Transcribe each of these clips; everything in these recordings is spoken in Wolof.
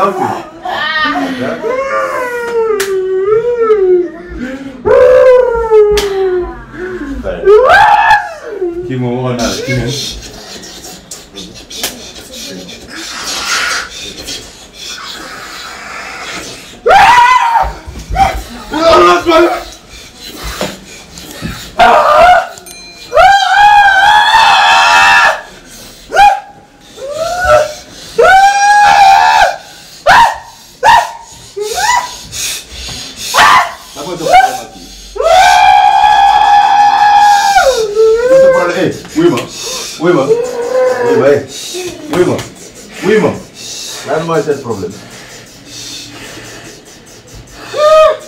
Dank u. Dank u. kii moom waxoon naa la kii moom. Allahu akbar. mooy sa problème ak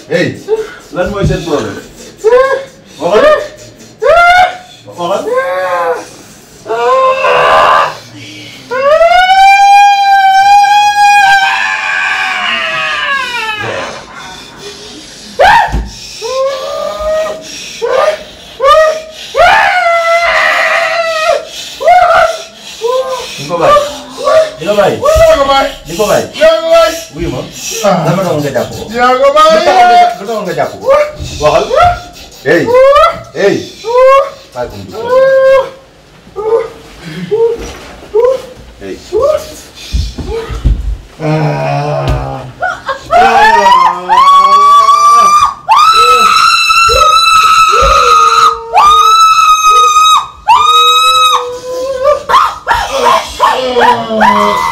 kii. mooy sa problème eh wuy ma ko bàyyi. di ko bàyyi. dinaa ko bàyyi. di ko bàyyi. dinaa ko bàyyi. wuyu ma. ah dama doon nga jàpp ko. dinaa ko bàyyi. lu taxoon nga jàpp ko. waxal. hey. hey. bàyyi ko mu dugg hey. Ah. Oh.